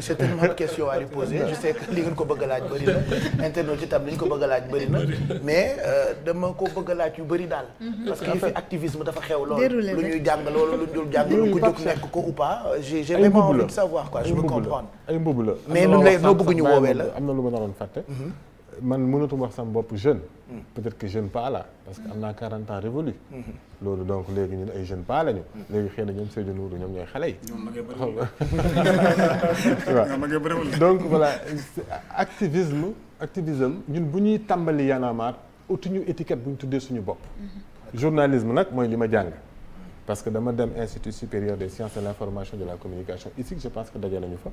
c'est tellement de questions à lui je sais que li ngeen ko bëgg a laaj bëri na internet tam li ñu ko bëgg a laaj bëri na mais euh, dama ko bëgg a laaj yu bëri daal parce que yëfi activisme dafa xew lool lu ñuy jàng loolu lu dul jàng lu ko jóg nekk ko ou pas j'ai vraiment envie de savoir quoi je veux comprendre ay mbubb la mais lu lay noo bëgg ñu woowee la am na lu man mënatuma wax sama bopp jeune. Hmm. peut-être que jeune pas parce que am naa 40 ans révolu hmm. loolu donc léegi ñun ay jeune pas lañu. Hmm. léegi xëy na ñoom Seydou Nourou ñoom ñooy xale yi. ñoom donc voilà activisme activisme ñun bu ñuy tàmbali yanamaat utuñu étiquette bu ñu tuddee suñu bopp. journalisme nag mooy li ma jàng. parce que dama dem institut supérieur des sciences de l'information de la communication ici je pense que daje nañu fa.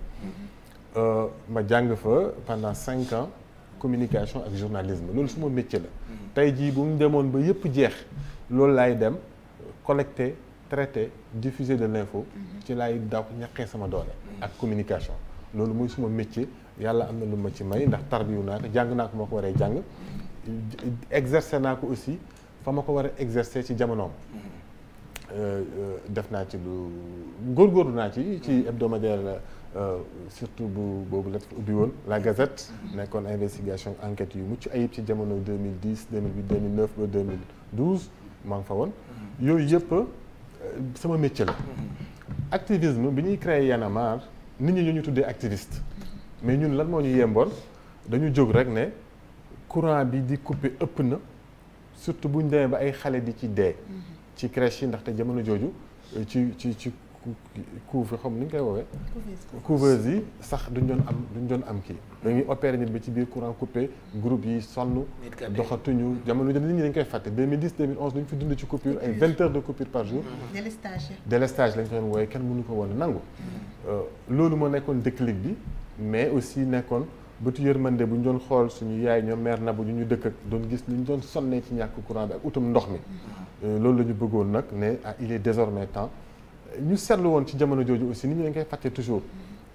Euh, ma jàng fa pendant cinq ans. communication ak journalisme loolu suma métier la. tey jii bu mu demoon ba yëpp jeex loolu laay dem collecte traiter diffuser de l'info. Mhm. ci laay daw ñaqee sama doole. Mhm. ak communication loolu mooy suma métier yàlla am na lu ma ci may ndax tarbiwu naa ko jàng naa ko ma ko waree jàng mhm. exercer naa ko aussi fa ma ko war a exercer ci jamonoom. Euh, def naa ci lu góor góorgóorlu naa ci ci hebdomadaire euh, surtout bu boobu la ubbi woon la Gazette nekkoon investigation enquête yu mucc ayib ci jamono 2010 2008 2009 ba 2012 maa ngi fa woon yooyu yëpp euh, sama métier la activisme bi ñuy créer Y'en a marre nit ñi ñoo ñu tuddee activiste mais ñun lan moo ñu yemboon dañu jóg rek ne courant bi di coupé ëpp na surtout bu ñu demee ba ay xale di ci dee ci crèche yi ndaxte jamono jooju euh, ci ci ci couve xam ni ñu koy woowee. couveuse yi sax duñ doon am duñ doon am kii. dañuy opéré nit bi ci biir courant coupé groupe yi sonn. doxatuñu jamono jooju nit ñi dañ koy fàtte 2010 2011 dañ fi dund ci coupure ay 20 heures de coupure par jour. Mm-hmm. délestage délestage lañ ko doon wooyee kenn mënu ko woon nangu. Mm-hmm. Euh, loolu moo nekkoon déclic bi mais aussi nekkoon. bëtu yërmande bu ñu doon xool suñu yaay ñoom meer na bu ñu ñu dëkk ak doon gis li ñu doon sonnee ci ñàkk courant bi ndox mi mm-hmm. Euh, loolu la ñu bëggoon nag ne ah il est désormais temps ñu seetlu woon ci jamono jooju aussi nit ñu dañ koy fàtte toujours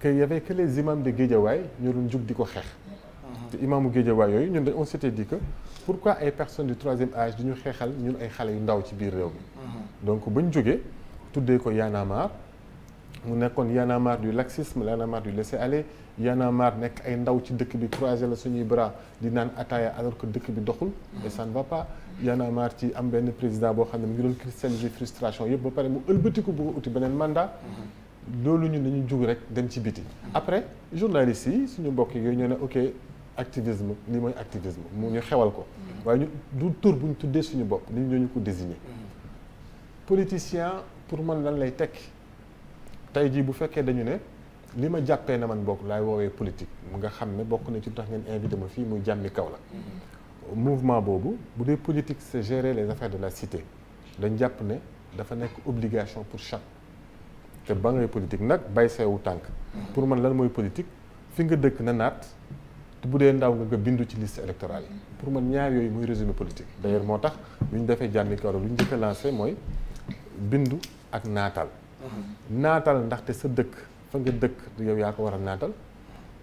que y avait que les imams de Guédiawaye ñoo doon jug di ko xeex. Mhm. te imaamu Guédiawaye yooyu ñun dañ on s'était dit que pourquoi ay personnes du troisième âge di ñu xeexal ñun ay xale yu ndaw ci biir réew mi. Mhm. donc ñu jógee tuddee ko Y'en a mu nekkoon Y'en a marre du laxisme Y'en a marre du laisser aller. Y'en a nekk ay ndaw ci dëkk bi croiser la suñuy bras di naan ataaya alors que dëkk bi doxul mais ça ne va pas Y'en ci am benn président boo xam ne mu ngi doon cristalliser frustration yëpp ba pare mu ëlbatiku bu uti beneen mandat loolu ñu nañu jug rek dem ci biti après journalistes yi suñu mbokk yooyu ñoo ne ok activisme lii mooy activisme mu ñu xewal ko waaye du tur bu ñu tuddee suñu bopp nit ñoo ñu ko désigner politicien pour man lan lay tekki tey jii bu fekkee dañu ne li ma jàppee na man bokk laay woowee politique mu nga xam ne bokk na ci tax ngeen invité ma fii muy jàmmi kaw la mouvement boobu bu dee politique c'est gérer les affaires de la cité dañ jàpp ne dafa nekk obligation pour chaque te ba ngay politique nag bay seewu tànk pour man lan mooy politique fi nga dëkk na naat bu dee ndaw nga nga bindu ci liste électorale yi pour man ñaar yooyu muy résumé politique d'ailleurs moo tax lu ñu defee jàmmi kaw la lu ñu njëkk lancé mooy bindu ak naatal naatal ndaxte sa dëkk fa nga dëkk yow yaa ko war a naatal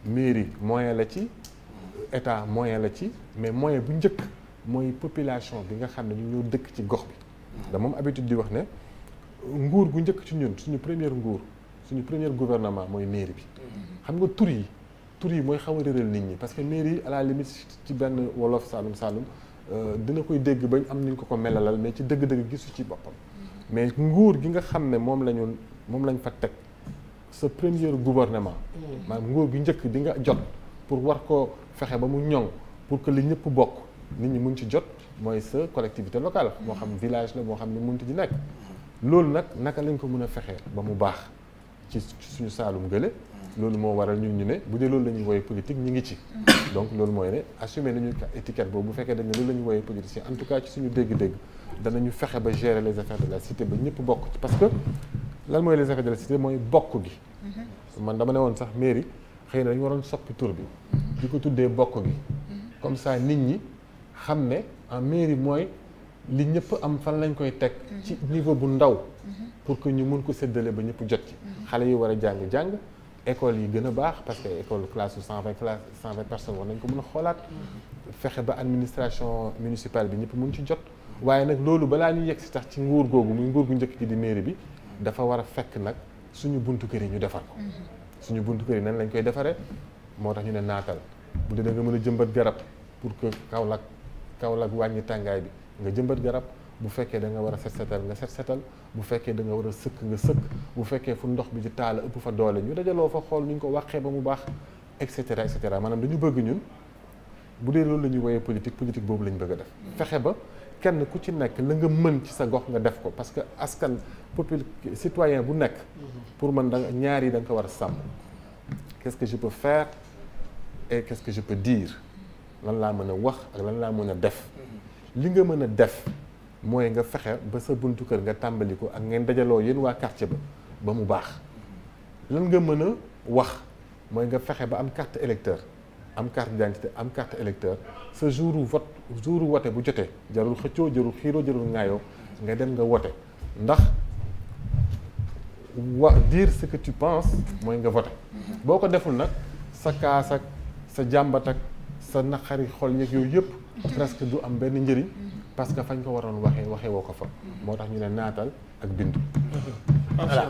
mairie moyen la ci état moyen la ci mais moyen bu njëkk mooy population bi nga xam ne ñu ñoo dëkk ci gox bi da moom habitude di wax ne nguur gu njëkk ci ñun suñu première nguur suñu premier gouvernement mooy mairie bi xam nga tur yi tur yi mooy xaw a réeral nit ñi parce que mairie à la limite ci benn wolof saalum saalum euh, dina koy dégg bañ am nañ ko ko melalal mais ci dëgg-dëgg gisu ci boppam mais nguur gi nga xam ne moom lañu moom lañ fa teg sa premier gouvernement. maanaam nguur gi njëkk di nga jot pour war ko fexe ba mu ñoŋ pour que li ñëpp bokk nit ñi mun ci jot mooy sa collectivité local moo xam village la moo xam ne munti di nekk. loolu nag naka lañ ko mën a fexee ba mu baax ci suñu saalum gële. loolu moo waral ñun ñu ne bu dee loolu la ñuy wooyee politique ñu ngi ci. donc loolu mooy ne assumer nañu étiquette boobu bu fekkee dañ ne loolu la ñuy wooyee politicien en tout cas suñu dégg-dégg danañu ba gérer les affaires de la ñëpp bokk parce que. lan mooy les effets de la cité mooy bokk gi. Mhm. man dama ne woon sax mairie xëy na dañu waroon soppi tour bi. Mhm. di ko tuddee bokk gi. Mhm. comme ça nit ñi xam ne en mairie mooy li ñëpp am fan lañ koy teg. ci niveau bu ndaw. pour que ñu mun ko séddale ba ñëpp jot ci. xale yi war a jàng jàng. école yi gën a baax parce que école classe su cent vingt classe cent vingt personnes war nañ ko mën a xoolaat fexe ba administration municipale bi ñëpp mun ci jot waaye nag loolu balaa ñuy yegg si tax ci nguur muy nguur gu njëkk gi di mairie bi dafa war a fekk nag suñu buntu kër yi ñu defar ko. Mhm. suñu buntu kër yi nan lañ koy defaree moo tax ñu ne naatal bu dee da nga mën a jëmbat garab pour que Kaolack Kaolack wàññi tàngaay bi nga jëmbat garab. bu fekkee da nga war a set setal nga set setal bu fekkee da nga war a sëkk nga sëkk bu fekkee fu ndox bi di taala ëpp fa doole ñu dajaloo fa xool nu ñu ko waxee ba mu baax et cetera et cetera maanaam dañu bëgg ñun bu dee loolu la ñuy woyee politique politique boobu la bëgg a def mhm. fexe ba kenn ku ci nekk la nga mën ci sa gox nga def ko parce que askan popul citoyen bu nekk pour man da ñaari yi ko war a sàmm qu'est-ce que je peux faire et qu'est-ce que je peux dire lan laa mën a wax ak lan laa mën a def li nga mën a def mooy nga fexe ba sa buntu kër nga tàmbali ko ak ngeen dajaloo yéen waa quartier ba ba mu baax lan nga mën a wax mooy nga fexe ba am carte électeur am carte d'identité am carte électeur sa jour wu vote jour wu wote bu jotee jarul xëccoo jarul xiiroo jarul ŋaayoo nga dem nga wote ndax wa diir ce que tu penses mooy nga vote boo ko deful nag sa kaasak sa jàmbatak ak sa naqari xol yeeg yooyu yëpp presque du am benn njëriñ parce que fañ ko waroon waxee waxe woo ko fa moo tax ñu ne naatal ak bindu voilà